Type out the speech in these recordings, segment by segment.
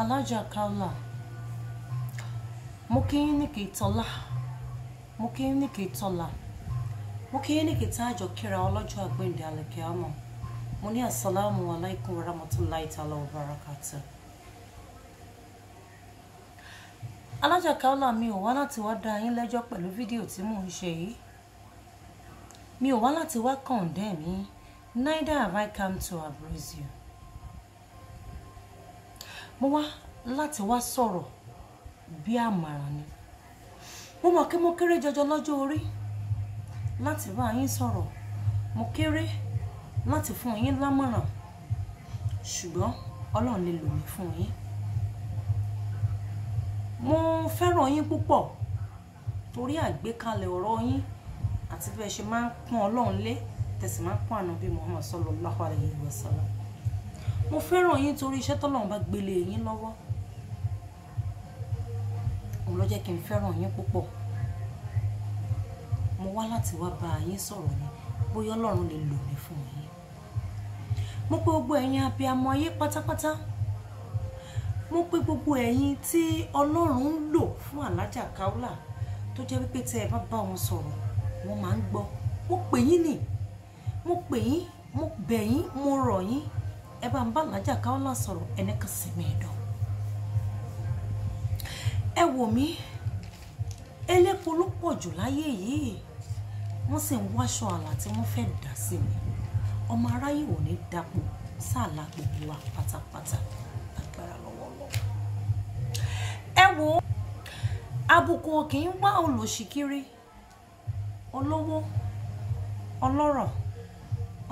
alájà Kaola mo kí yín níkè tọ́lá mo kí yín níkè tọ́là mo kí yín níkè tá àjọ kíra ọlọ́jọ́ àgbéǹde àlẹ́kẹ́ọ́mọ̀ mo ní àsálàmù aláìkún rahmatulahi ta'ala wa barakatuh. alájà Kaola mi ò wá láti wá dá yín lẹ́jọ́ pẹ̀lú fídíò tí mò ń ṣe yìí mi ò wá láti wá condemn yín neither have I come to abuse you mo wá láti wá sọ̀rọ̀ bí àmàrà ni mo mọ̀ kí mo kéré jọjọ lọ́jọ́ orí láti bá yín sọ̀rọ̀ mo kéré láti fún yín lámọ̀ràn ṣùgbọ́n ọlọ́run lè lò mí fún yín mo fẹ́ràn yín púpọ̀ torí àgbékalẹ̀ ọ̀rọ̀ yín àti bí ẹ ṣe máa ń pọ́n ọlọ́run lé tẹ̀sí máa ń pọ́n ànábì Muhammad sallallahu alaihi wasallam mo fẹ́ràn yín torí iṣẹ́ tọ́lọ́run bá gbélé yín lọ́wọ́ òun ló jẹ́ kí n fẹ́ràn yín púpọ̀ mo wá láti wá bá yín sọ̀rọ̀ ni bóyá ọlọ́run lè lò mí fún yín mo pé gbogbo ẹ̀yin abiyamọ ayé pátápátá mo pé gbogbo ẹ̀yin tí ọlọ́run ń lò fún alájà káúlà tó jẹ́ wípé tí ẹ bá bá wọn sọ̀rọ̀ wọ́n máa ń gbọ́ mo pè yín nì mo pè yín mo bẹ̀ yín mo rọ̀ yín ẹ bá ń bá alájà káwọlà sọ̀rọ̀ ẹni kan sì mí mi ẹ wò mí elépo ló pọ̀ jù láyé yìí wọ́n sì ń wáṣọ àlà tí wọ́n fẹ́ dà sí mi ọmọ aráyé ò ní dapò sáàlà gbogbo wa pátápátá agbára lọ́wọ́lọ́wọ́ ẹ wò àbùkù kì í wá olòṣìkiri olówó ọlọ́rọ̀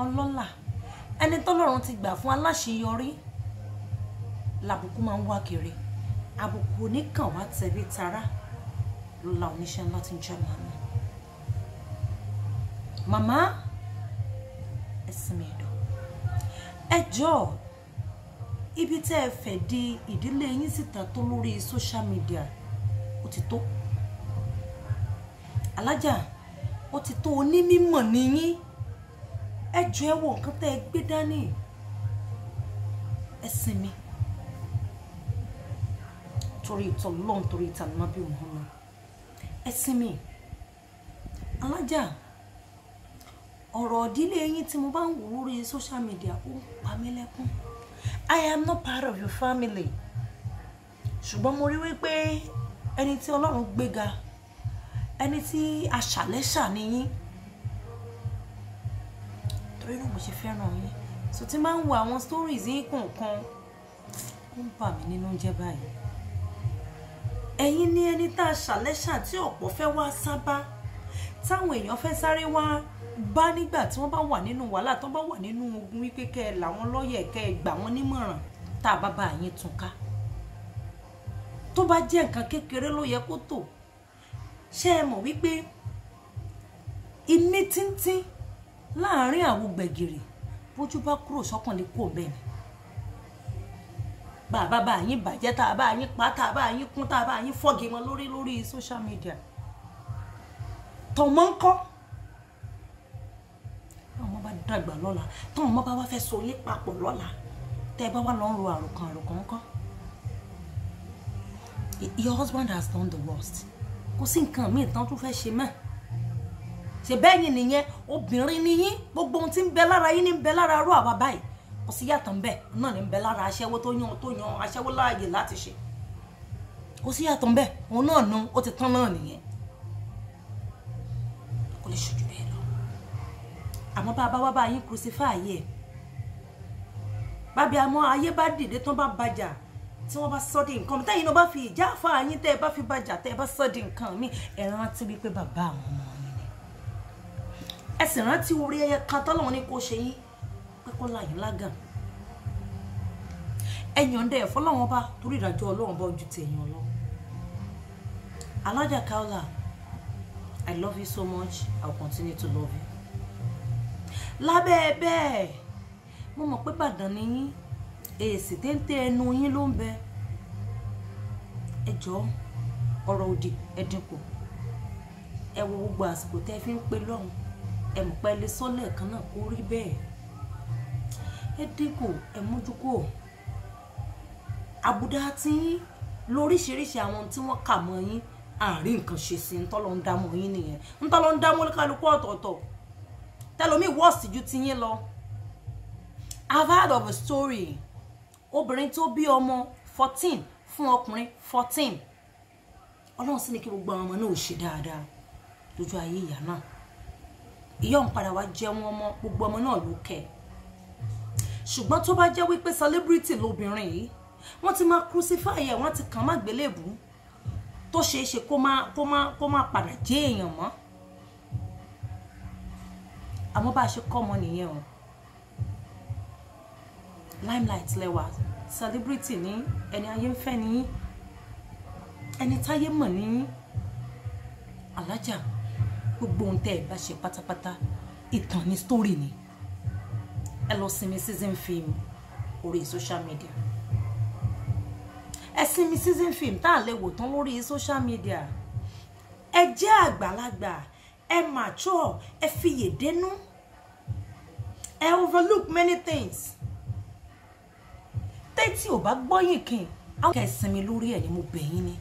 ọlọ́là ẹni tọ́lọ́run ti gbà fún aláṣeyọrí làbùkù máa ń wá kiri àbùkù oníkàn wá tẹ̀bí tará ló la oníṣẹ́ ńlá ti ń jẹ́ màmá màmá ẹ̀sìn mi ẹ̀dọ̀ ẹ ibi tẹ́ ẹ fẹ́ di ìdílé yín síta tó lórí social media ó ti tó alájà ó ti tó onímọ̀ ní yín ẹ jọ ẹ wọ nǹkan tẹ́ ẹ gbé dání ẹ sinmi torí ìtọ̀ lọ́n torí ìtàn náà bí òun hàn ẹ sinmi alájà ọ̀rọ̀ ìdílé yín tí mo bá ń wò lórí social media ó ń pa mí lẹ́kún I am not part of your family ṣùgbọ́n mo rí wípé ẹni tí Ọlọ́run gbéga ẹni tí aṣàlẹ́ṣà ni yín torí náà mo ṣe fẹ́ràn yín so tí máa ń wo àwọn stories yín kọ̀ọ̀kan ó ń bà mí nínú jẹ́ báyìí ẹ̀yin ni ẹni tá a ṣàlẹ́ṣà tí ọ̀pọ̀ fẹ́ wá sábà táwọn èèyàn fẹ́ sáré wá bá nígbà tí wọ́n bá wà nínú wàhálà tí wọ́n bá wà nínú ogun wípé kẹ́ ẹ là wọ́n lọ́yẹ̀ kẹ́ ẹ gbà wọ́n nímọ̀ràn tá a bá bá yín tún ká tó bá jẹ́ nǹkan kékeré ló yẹ kó tò ṣé ẹ mọ̀ wípé iní tíntín láàárín àwọn gbẹ̀gìrì bójú bá kúrò sọ́kàn lè kó bẹ́ẹ̀ ni bàbá bá yín bàjẹ́ tá a bá yín pa tá a bá yín kún tá a bá yín fọ́gi mọ́ lórí lórí social media tọ̀mọ́ ń kọ́ táwọn ọmọ bá dàgbà lọ́la táwọn ọmọ bá wá fẹ́ so ilé papọ̀ lọ́la tẹ́ ẹ bá wà lọ́ ń ro àròkàn àròkàn ńkọ́ your husband has done the worst kò sí nǹkan míì tán tún fẹ́ ṣe mẹ́ẹ̀ ṣe bẹ́ẹ̀ yìí nìyẹn obìnrin ni yín gbogbo ohun tí ń bẹ lára yín ní ń bẹ lára arú àwa báyìí kò sí yàtọ̀ ń bẹ náà ní ń bẹ lára aṣẹ́wó tó yan tó yan aṣẹ́wó láàyè láti ṣe kò sí yàtọ̀ ń bẹ òun náà nu ó ti tán náà nìyẹn kò lè ṣojú bẹ́ẹ̀ lọ àmọ́ bá a bá wá bá yín crucify yẹ bábí àmọ́ ayé bá dìde tán bá bàjà tí wọ́n bá sọ di nǹkan mi tẹ́yìn náà bá fi ìjà àfa yín tẹ́ ẹ bá fi bàjà tẹ́ ẹ bá sọ di nǹkan mi ẹ rántí wípé bàbá àwọn ọmọ ẹ sì rántí orí ẹyẹ kan tọ́lọ́run ní kó ṣe yín pé kó láyò lágàn ẹ̀yàn ń dẹ̀ ẹ̀fọ́ lọ́wọ́n bá torí ìdájọ́ ọlọ́run bá ojú tẹ̀yàn lọ. alájà Kaola I love you so much I will continue to love you. lábẹ́ bẹ́ẹ̀ mo mọ̀ pé bàdàn ni yín èsì téńté ẹnu yín ló ń bẹ ẹ jọ̀ọ́ ọ̀rọ̀ òdì ẹ dínkù ẹ wo gbogbo àsìkò tẹ́ fi ń pe lọ́hùn-ún ẹ̀ǹpẹ́lẹ́ sọ́lẹ̀ kan náà kó rí bẹ́ẹ̀ ẹ dínkù ẹ mójúkò àbùdá tí lóríṣiríṣi àwọn tí wọ́n kà mọ́ yín àárín nǹkan ṣe sí ń tọ́lọ́ ń dámọ́ yín nìyẹn ń tọ́lọ́ ń dámọ́ kálukú ọ̀tọ̀ọ̀tọ̀ tẹlomi wọ́ọ̀sì ju ti yín lọ I've heard of a story obìnrin tó bí ọmọ fourteen fún ọkùnrin fourteen ọlọ́run sì ní kí gbogbo àwọn ọmọ náà ò ṣe dáadáa lójú ayé ìyá náà ìyá òun padà wá jẹun ọmọ gbogbo ọmọ náà ló kẹ ṣùgbọ́n tó bá jẹ́ wípé celebrity lobìnrin yìí wọ́n ti máa crucify ẹ̀ wọ́n ti kàn má gbélébùú tó ṣeé ṣe kó má kó má kó má padà jẹ́ èèyàn mọ́ àmọ́ bá a ṣe kọ́ ọmọ nìyẹn o limelight lẹ́wà celebrity ní ẹni ayé ń fẹ́ ní ẹni táyé mọ̀ ní alájà gbogbo ohun tẹ́ ẹ bá ṣe pátápátá ìtàn ni story ni ẹ lọ sinmi season film orí social media ẹ sinmi season film tá à lè wò tán lórí social media ẹ jẹ́ àgbàlagbà ẹ mature ẹ fiyè dénú ẹ overlook many things tẹ́tí ò bá gbọ́yìn kìn àwọn kẹ́ ẹ sinmi lórí ẹ̀ ni mo bẹ̀ yín ni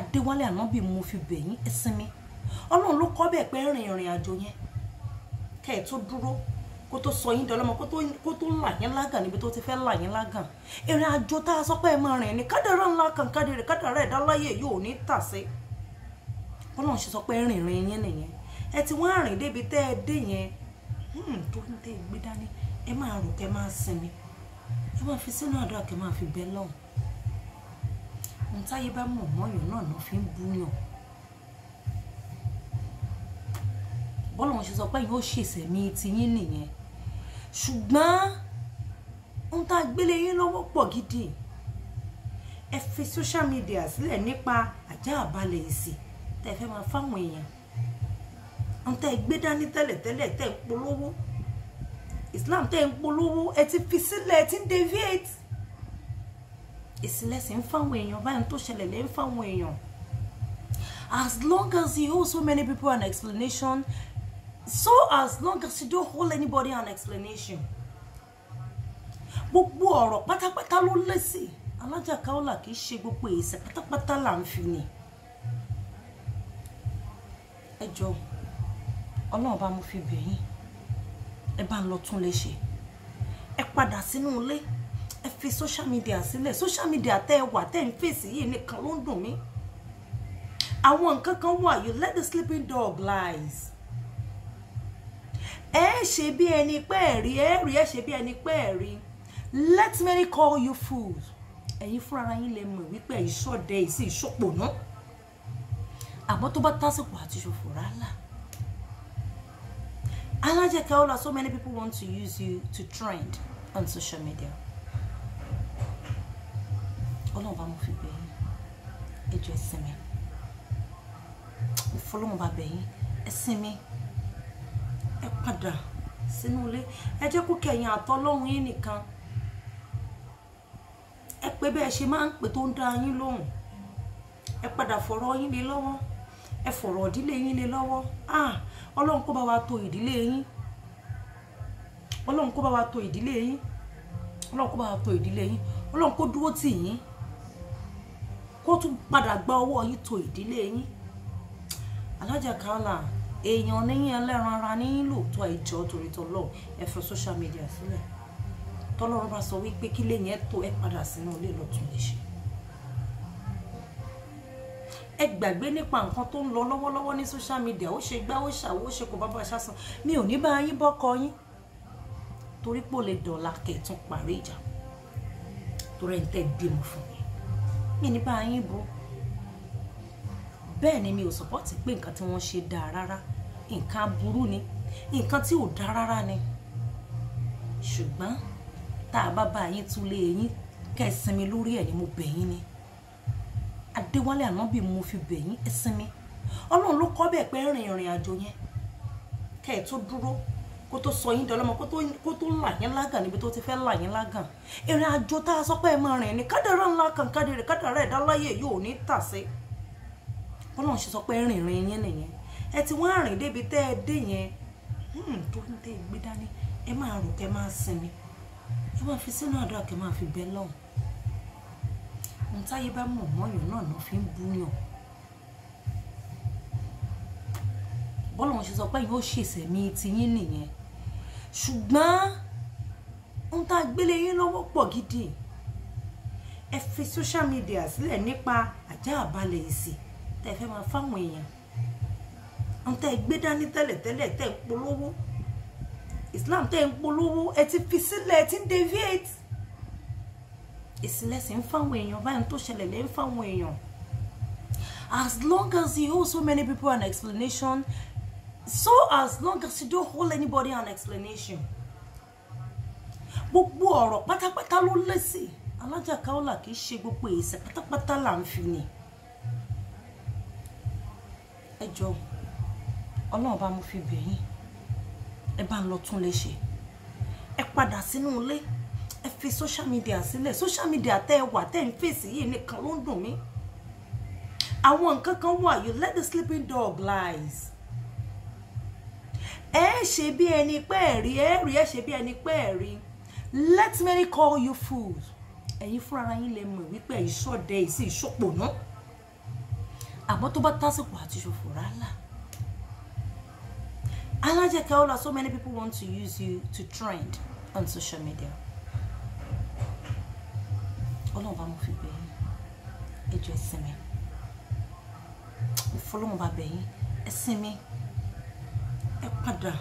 Adéwálé Ànábì mo fi bẹ̀ yín ẹ ọlọ́run ló kọ́ bẹ́ẹ̀ pé rìn ìrìn àjò yẹn kẹ́ ẹ̀ tó dúró kó tó sọ yín dọlọ́mọ kó tó là yín lágàn níbi tó ti fẹ́ là yín lágàn ìrìn àjò tá a sọ pé ẹ máa rìn ní kádàrá ńlá kan kádàrá kádàrá ẹ̀dá láyé yóò ní tàsé ọlọ́run ṣe sọ pé rìn ìrìn yín nìyẹn ẹ ti wá rìn débi tẹ́ ẹ dé yẹn hmm, tó ń tẹ́ gbé dání ẹ máa rò kẹ́ máa sinmi ẹ máa fi sínú àdúrà kẹ́ máa fi bẹ́ lọ́hùn ohun bá mọ̀ mọ́yàn náà náà fi ń búyàn bọ́lá ṣe sọ pé yín ó ṣèṣẹ̀mí tiyín nìyẹn ṣùgbọ́n ohun tá a gbélé yín lọ́wọ́ pọ̀ gidi ẹ fi social media sílẹ̀ nípa àjá àbálẹ̀ èsì tẹ́ fẹ́ máa fáwọn èèyàn ohun tá ẹ gbé dání tẹ́lẹ̀tẹ́lẹ̀ tẹ́ ẹ polówó Islam tẹ́ ẹ ń polówó ẹ ti fi sílẹ̀ ẹ ti ń deviate èsì ń fáwọn èèyàn báyìí tó ṣẹlẹ̀ lẹ́ ń fáwọn èèyàn as long as you owe so many people an explanation so as long as you don't hold anybody an explanation gbogbo ọ̀rọ̀ pátápátá ló lẹ́sẹ̀ alájà káọ́là kì í ṣe gbogbo èsì pátápátá là ń fi ni ẹ jọ ọlọ́run bá mo fi bẹ̀ yín ẹ bá ń lọ tún lè ṣe ẹ padà sínú ilé ẹ fi social media sílẹ̀ social media tẹ́ ẹ wà tẹ́ ẹ ń fèsì yìí nìkan ló ń dùn mí àwọn nǹkan kan wà you let the sleeping dog lies ẹ ṣe bí ẹni pé ẹ rí ẹ rí ẹ ṣe bí ẹni pé ẹ rí let many call you fools ẹ̀yin fúnra yín lè mọ̀ wípé ẹ̀yin ṣọ̀dẹ yìí sì ṣọ̀pò náà àmọ́ tó bá tásìkò àti ṣòfò rálá alájẹ kaola so many people want to use you to trend on social media ọlọ́run bá mo fi bẹ̀ yín ẹjọ́ ẹ̀sìn mi mo fọlọ́run bá bẹ̀ yín ẹ̀sìn mi ẹ padà sínú ilé ẹ jẹ́ kó kẹ̀yìn àtọ́lọ́hún yín nìkan ẹ pé bẹ́ẹ̀ ṣe máa ń pè tó ń dá yín lóhùn ẹ padà fọ̀rọ̀ yín lé lọ́wọ́ ẹ fọ̀rọ̀ ìdílé yín lé lọ́wọ́ ọlọ́run kó bá wa tò ìdílé yín ọlọ́run kó bá wa tò ìdílé yín ọlọ́run kó bá wa tò ìdílé yín ọlọ́run kó dúró tì yín kó tún padà gba ọwọ́ yín tò ìdílé yín alájà kàálà èèyàn níyìn ẹlẹ́ran ara níyìn lóòótọ́ ìjọ torí tọ́lọ́ ẹ social media sílẹ̀ tọ́lọ́run bá sọ wípé kílé yẹn tó ẹ padà sínú ilé lọ́tún lè ṣe ẹ gbàgbé nípa nǹkan tó ń lọ lọ́wọ́lọ́wọ́ ní social media ó ṣe gbá ó ṣàwó ó ṣe kò bá bá ṣàṣàn mi ò ní bá yín bọ́kọ yín torí pò lè dọ̀la kẹ̀tún parí ìjà torí ẹ̀ ń tẹ́ bímọ fún mi mi ní bá yín bọ́ bẹ́ẹ̀ ni mi ò sọ́pọ́tì pé nǹkan tí wọ́n ṣe dáa rárá nǹkan aburú ni nǹkan tí ò dáa rárá ni ṣùgbọ́n tá a bá bá yín túlé yín kẹ́ ẹ sinmi lórí ẹ̀ ni mo bẹ̀ yín ni adéwálé ànábì mo fi bẹ̀ yín ẹ sinmi ọlọ́run ló kọ́ bẹ́ẹ̀ pé rìn ìrìn àjò yẹn kẹ́ ẹ tó dúró kó tó sọ yín dọlọ́mọ kó tó là yín lágàn níbi tó ti fẹ́ là yín lágàn ìrìn àjò tá a sọ pé ẹ máa rìn ni kádàrá ńlá kan kádìrì kádàrá ẹ̀dá láyé yóò ní tàsé bọ́lọ́run ṣe sọ pé rìnrìn yín nìyẹn ẹ ti wá rìn débi tẹ́ ẹ dé yẹn hmm, tó ń tẹ́ gbé dání ẹ máa rò kẹ́ máa sinmi ẹ máa fi sínú àdúrà kẹ́ máa fi bẹ lọ́hùn ohun táyé bá mọ̀ mọ́yàn náà náà fi ń búyàn bọ́lọ́run ṣe sọ pé yóò ṣèṣẹ̀mí tiyín nìyẹn ṣùgbọ́n ohun tá a gbélé yín lọ́wọ́ pọ̀ gidi ẹ fi social media sílẹ̀ nípa àjá àbálẹ̀ ìsìn tẹ́ fẹ́ máa fáwọn èèyàn ń tẹ́ gbé dání tẹ́lẹ̀tẹ́lẹ̀ tẹ́ polówó Islam tẹ́ ń polówó ẹ ti fi sílẹ̀ ẹ ti ń deviate ìsìlẹ̀sìn ń fáwọn èèyàn báyìí tó ṣẹlẹ̀ lẹ́ ń fáwọn èèyàn as long as you hold so many people an explanation so as long as you don't hold anybody an explanation gbogbo ọ̀rọ̀ pátápátá ló lẹ́sìn alájà Kaola kì í ṣe gbogbo èsì pátápátá là ń fi ni ẹ jọ̀ọ́ ọlọ́run bá mo fi bẹ̀ yín ẹ bá ń lọ tún lè ṣe ẹ padà sínú ilé ẹ fi social media sílẹ̀ social media tẹ́ ẹ wà tẹ́ ẹ ń fèsì yìí nìkan ló ń dùn mí àwọn nǹkan kan wà you let the sleeping dog lies ẹ ṣe bí ẹni pé ẹ rí ẹ rí ẹ ṣe bí ẹni pé ẹ rí let many call you fool ẹ̀yin fúnra yín lè mọ̀ wípé ìṣọ̀dẹ̀ ìsìn ìṣọ̀pọ̀ náà àmọ́ tó bá tásìkò àti ṣòfò rálà Alhaja Kaola so many people want to use you to trend on social media ọlọ́run bá mo fi bẹ̀ yín ẹjọ́ ẹ̀sìn mi ìfọlọ́run bá bẹ̀ yín ẹ̀sìn mi ẹ padà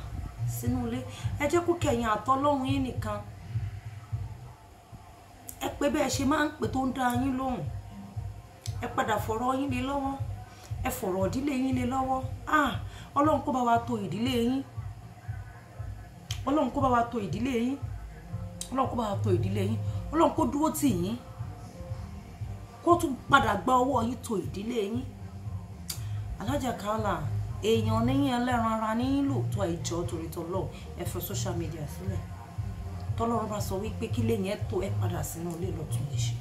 sínú ilé ẹ jẹ́ kó kẹ̀yìn àtọ́lọ́run yín nìkan ẹ pé bẹ́ẹ̀ ṣe máa ń pè tó ń dá yín lóhùn ẹ padà fọ̀rọ̀ yín lé lọ́wọ́ ẹ fọ̀rọ̀ ìdílé yín lé lọ́wọ́ ah, ọlọ́run kó bá wa tò ìdílé yín ọlọ́run kó bá wa tò ìdílé yín ọlọ́run kó bá wa tò ìdílé yín ọlọ́run kó dúró tì yín kó tún padà gba ọwọ́ yín tò ìdílé yín alájà kálá èèyàn níyìn ẹlẹ́ran ara níyìn lóòótọ́ ìjọ torí tọ́lọ́ ẹ fẹ́ social media sílẹ̀ tọ́lọ́run bá sọ wípé kílé yẹn tó ẹ padà sínú ilé lọ́tún lè ṣe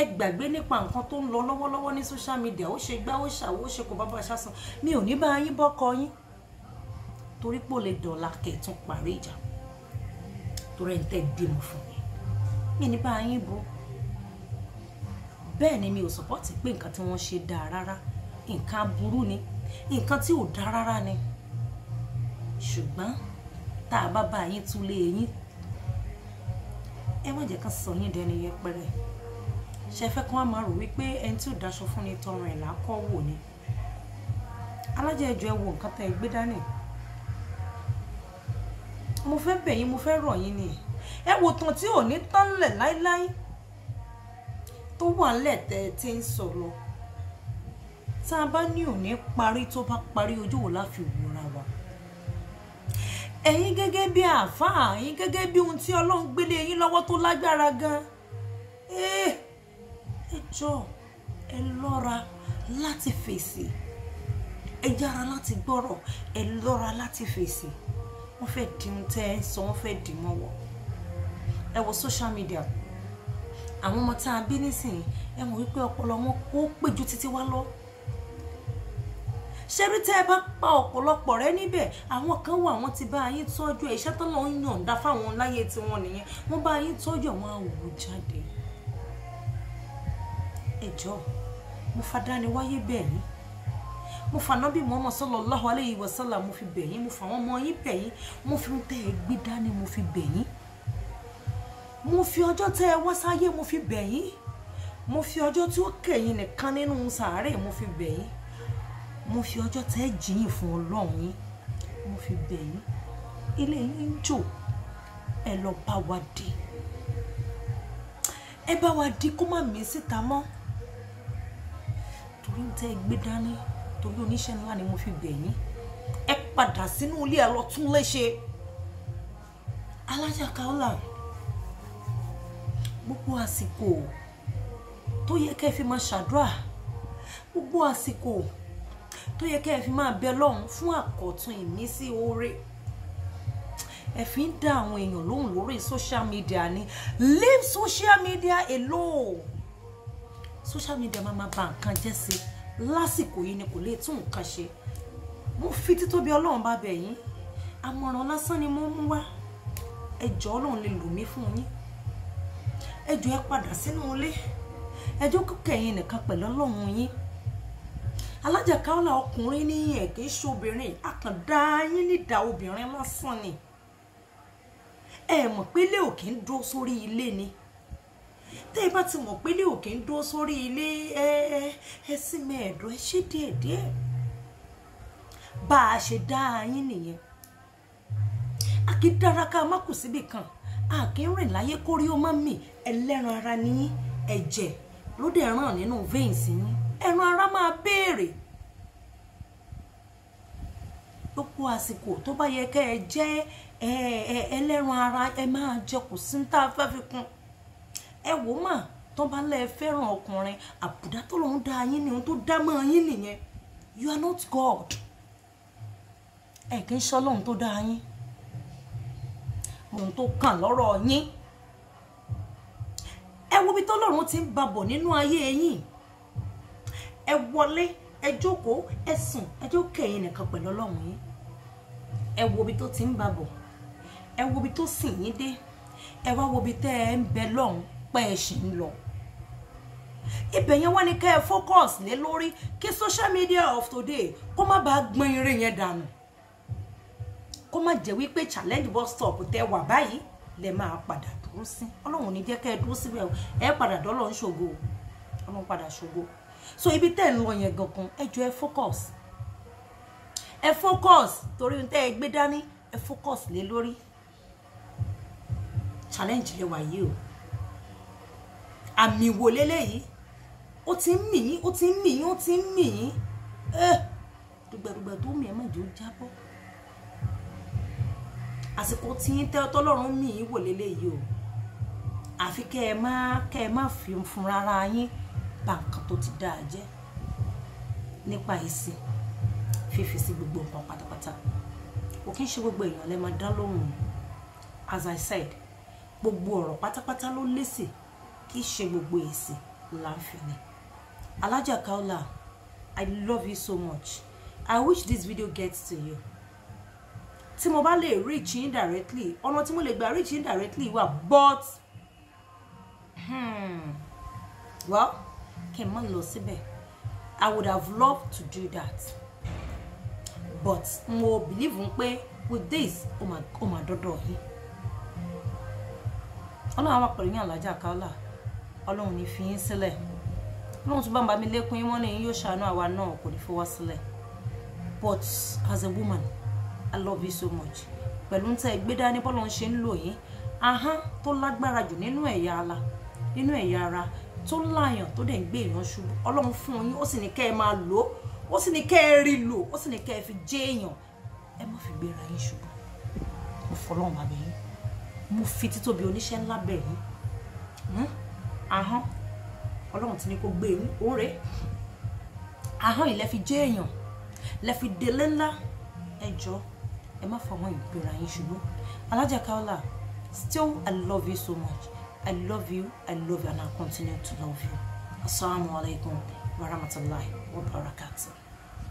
ẹ gbàgbé nípa nǹkan tó ń lọ lọ́wọ́lọ́wọ́ ní social media ó ṣe gbá ó ṣàwó ó ṣe kò bá bá ṣàṣàn mi ò ní bá yín bọ́kọ yín torí pò lè dọ̀la kẹ̀tún parí ìjà torí ẹ̀ ń tẹ́ bímọ fún mi mi ní bá yín bọ́ bẹ́ẹ̀ ni mi ò sọ́pọ́tì pé nǹkan tí wọ́n ṣe dáa rárá nǹkan aburú ni nǹkan tí ò dáa rárá ni ṣùgbọ́n tá a bá bá yín túlé yín ẹ má jẹ́ ká sọ yín dẹni yẹpẹrẹ ṣe fẹ́ kán á máa rò wípé ẹni tí ò daṣọ fún ni tọrùn ẹ̀ lákọ́ wò ni alájẹ ìjọ ẹ wo nǹkan tẹ́ ẹ gbé dání mo fẹ́ bẹ̀ yín mo fẹ́ rọ̀ yín ni ẹ wo tán tí ò ní tán lẹ̀ láíláí tó wà ńlẹ̀ tẹ́ ẹ ti ń sọ̀rọ̀ tá a bá ní òní parí tó bá parí ojú wo la fi wòra wa ẹ̀yin gẹ́gẹ́ bí àáfàá ẹ̀yin gẹ́gẹ́ bí ohun tí Ọlọ́run gbélé yín lọ́wọ́ tó lágbára gan-an jọ̀ọ́ ẹ lọ́ra láti fèsì ẹ yára láti gbọ́rọ̀ ẹ lọ́ra láti fèsì wọ́n fẹ́ dìmú tẹ́ ẹ sọ wọ́n fẹ́ dìmú wọ̀ ẹ wo social media àwọn ọmọ tá a bí nísìnyí ẹ mọ̀ wípé ọpọlọ wọn ó pè ju títí wá lọ ṣebí tẹ́ ẹ bá pa ọ̀pọ̀lọpọ̀ rẹ níbẹ̀ àwọn kan wà wọ́n ti bá yín tọ́jú ẹ̀ iṣẹ́ tó lọ́ọ́ yàn dá fáwọn láyé tiwọn nìyẹn wọ́n bá yín tọ́jú àwọn àwòrán jáde yìí ẹjọ́ mo fadániwáyé bẹ̀ yín mo fànábì Muhammad sallallahu alayhi wa sallam mo fi bẹ̀ yín mo fàwọn ọmọ yín bẹ̀ mo fi ń tẹ́ ẹ gbé dání mo fi bẹ̀ yín mo fi ọjọ́ tẹ́ ẹ wá sáyé mo fi bẹ̀ yín mo fi ọjọ́ tí ó kẹ̀yìn nìkan nínú sàárẹ̀ mo fi bẹ̀ yín mo fi ọjọ́ tẹ́ ẹ jìyìn fún ọlọ́run yín mo fi bẹ̀ yín ilé yín ń jò ẹ lọ bá wa dé ẹ bá wa dé kó má mí síta mọ́ torí ń tẹ́ gbé dání torí oníṣẹ́ ńlá ni mo fi bẹ̀ yín ẹ padà sínú ilé ẹ lọ tún léṣe alájà kaola gbogbo àsìkò tó yẹ kẹ́ fi máa ṣàdúrà gbogbo àsìkò tó yẹ kẹ́ fi máa bẹ lọ́hùn fún àkọ́tún ìmísí oore ẹ fi ń dá àwọn èèyàn lóhùn lórí social media ni leave social media alone social media máa máa ba nǹkan jẹ́ sí lásìkò yìí ni kò lè tún nǹkan ṣe mo fi títóbi ọlọ́run bá bẹ̀ yín àmọ̀ràn lásán ni mo ń wá ẹjọ́ ọlọ́run lè lò mí fún yín ẹjọ́ ẹ padà sínú ilé ẹjọ́ kẹyìn nìkan pẹ̀lú ọlọ́run yín alájàkálà ọkùnrin ní ẹ̀kẹ́ ṣobìnrin àkàndá yín nídàá obìnrin lásán ni ẹ mọ̀ pé ilé ò kí ń dúró sórí ilé ni tẹ́ ẹ bá ti mọ̀ pé ilé òkè ń dúró sórí ilé ẹ ẹ ẹ sí mẹ́ẹ̀ẹ́dọ́ ẹ ṣe díẹ̀díẹ̀ bá a ṣe dá a yín nìyẹn a kì í dára ká má kù síbì kan a kì í rìn láyé kórí ó má mì ẹlẹ́ran ara ní ẹ̀jẹ̀ ló dẹ̀ ràn nínú veins yín ẹran ara máa béèrè gbogbo àsìkò tó bá yẹ kẹ́ ẹ jẹ́ ẹlẹ́ran ara ẹ máa jẹ kù sí ní tá a fẹ́ fi kún un ẹ wò mà tán bá lẹ fẹ́ràn ọkùnrin àbùdá tó lọ́n dá yín ni ohun tó dá mọ́ yín nìyẹn you are not God ẹ kì í ṣọlọ́run tó dá yín ohun tó kàn lọ́rọ̀ yín ẹ wo ibi tọ́lọ́run ti ń babọ̀ nínú ayé yín ẹ wọlé ẹ jókòó ẹ sùn ẹ jókè yín nìkan pẹ̀lú ọlọ́run yín ẹ wo ibi tó ti ń babọ̀ ẹ wo ibi tó sìn yín dé ẹ wá wo ibi tẹ́ ẹ ń bẹ lọ́hùn pé ẹ ṣì ń lọ ibẹ̀ yẹn wá ní kẹ́ ẹ focus lé lórí kí social media of today kó má bàa gbọ́n eré yẹn dànù kó má jẹ́ wípé challenge bus stop tẹ wà báyìí lẹ máa padà dúró sí ọlọ́run ní jẹ́ kẹ́ ẹ dúró síbẹ̀ ẹ padà dọ́lọ́ ń ṣògo ọlọ́run padà ṣògo so ibi tẹ́ ẹ ń lọ yẹn gangan ẹ jọ ẹ focus ẹ focus torí tẹ́ ẹ gbé dání ẹ focus lé lórí challenge lè wà o àmì wo leléyìí ó ti ń mì yín ó ti ń mì yín ó ti ń mì yín dùgbẹ̀dùgbẹ̀ tó mì ẹ́ mọ̀ jẹ́ ó jábọ́ àsìkò tí ń tẹ́ tọ́lọ́run mì yín wò leléyìí o àfi kẹ́ ẹ má kẹ́ ẹ má fi fún rárá yín bà nǹkan tó ti dáa jẹ́ nípa ìsìn fífi sí gbogbo nǹkan pátápátá kò kí n ṣe gbogbo èèyàn lè máa dá lóhùn as i said gbogbo ọ̀rọ̀ pátápátá ló lésì kì í ṣe gbogbo èsì láǹfìní alájà kaola i love you so much i wish this video gets to you tí mo bá lè reach yín directly ọ̀nà tí mo lè gbà reach yín directly wà but hmm, well kí n má lọ síbẹ̀ i would have loved to do that but mo believe n pé with this ó mà dọ́dọ̀ yìí ọlọ́run àwọn pẹ̀lú alájà kaola ọlọ́run ní fi yín sílẹ̀ ọlọ́run tó bá ń bá mi lékún yín mọ́ni yín yóò ṣàánú àwa náà kò ní fi sílẹ̀ but as a woman i love you so much pẹ̀lú ń tẹ́ ẹ gbé dání bọ́lọ̀ ń ṣe ń lò yín ahán tó lágbára jù nínú ẹ̀yà ara nínú ẹ̀yà ara tó láàyàn tó dẹ̀ ń gbé èèyàn ṣubú ọlọ́run fún yín ó sì ní kẹ́ ẹ máa lò ó sì ní kẹ́ ẹ rí lò ó sì ní kẹ́ ẹ fi jẹ́ èèyàn ẹ má fi gbéra yín ṣubú mo fọlọ́run bàbá yín mo fi títóbi oníṣẹ́ ńlá bẹ̀ yín hmm? ahọ́n ọlọ́run ti ní kó gbé ní òórè ahọ́n yìí lẹ fi jẹ́ èèyàn lẹ fi délé ńlá ẹ jọ ẹ má fọwọ́n ìgbéra yín ṣubú alájà Kaola still i love you so much i love you i love you and i continue to love you asalaamualeykum warahmatulahi wabarakatuh.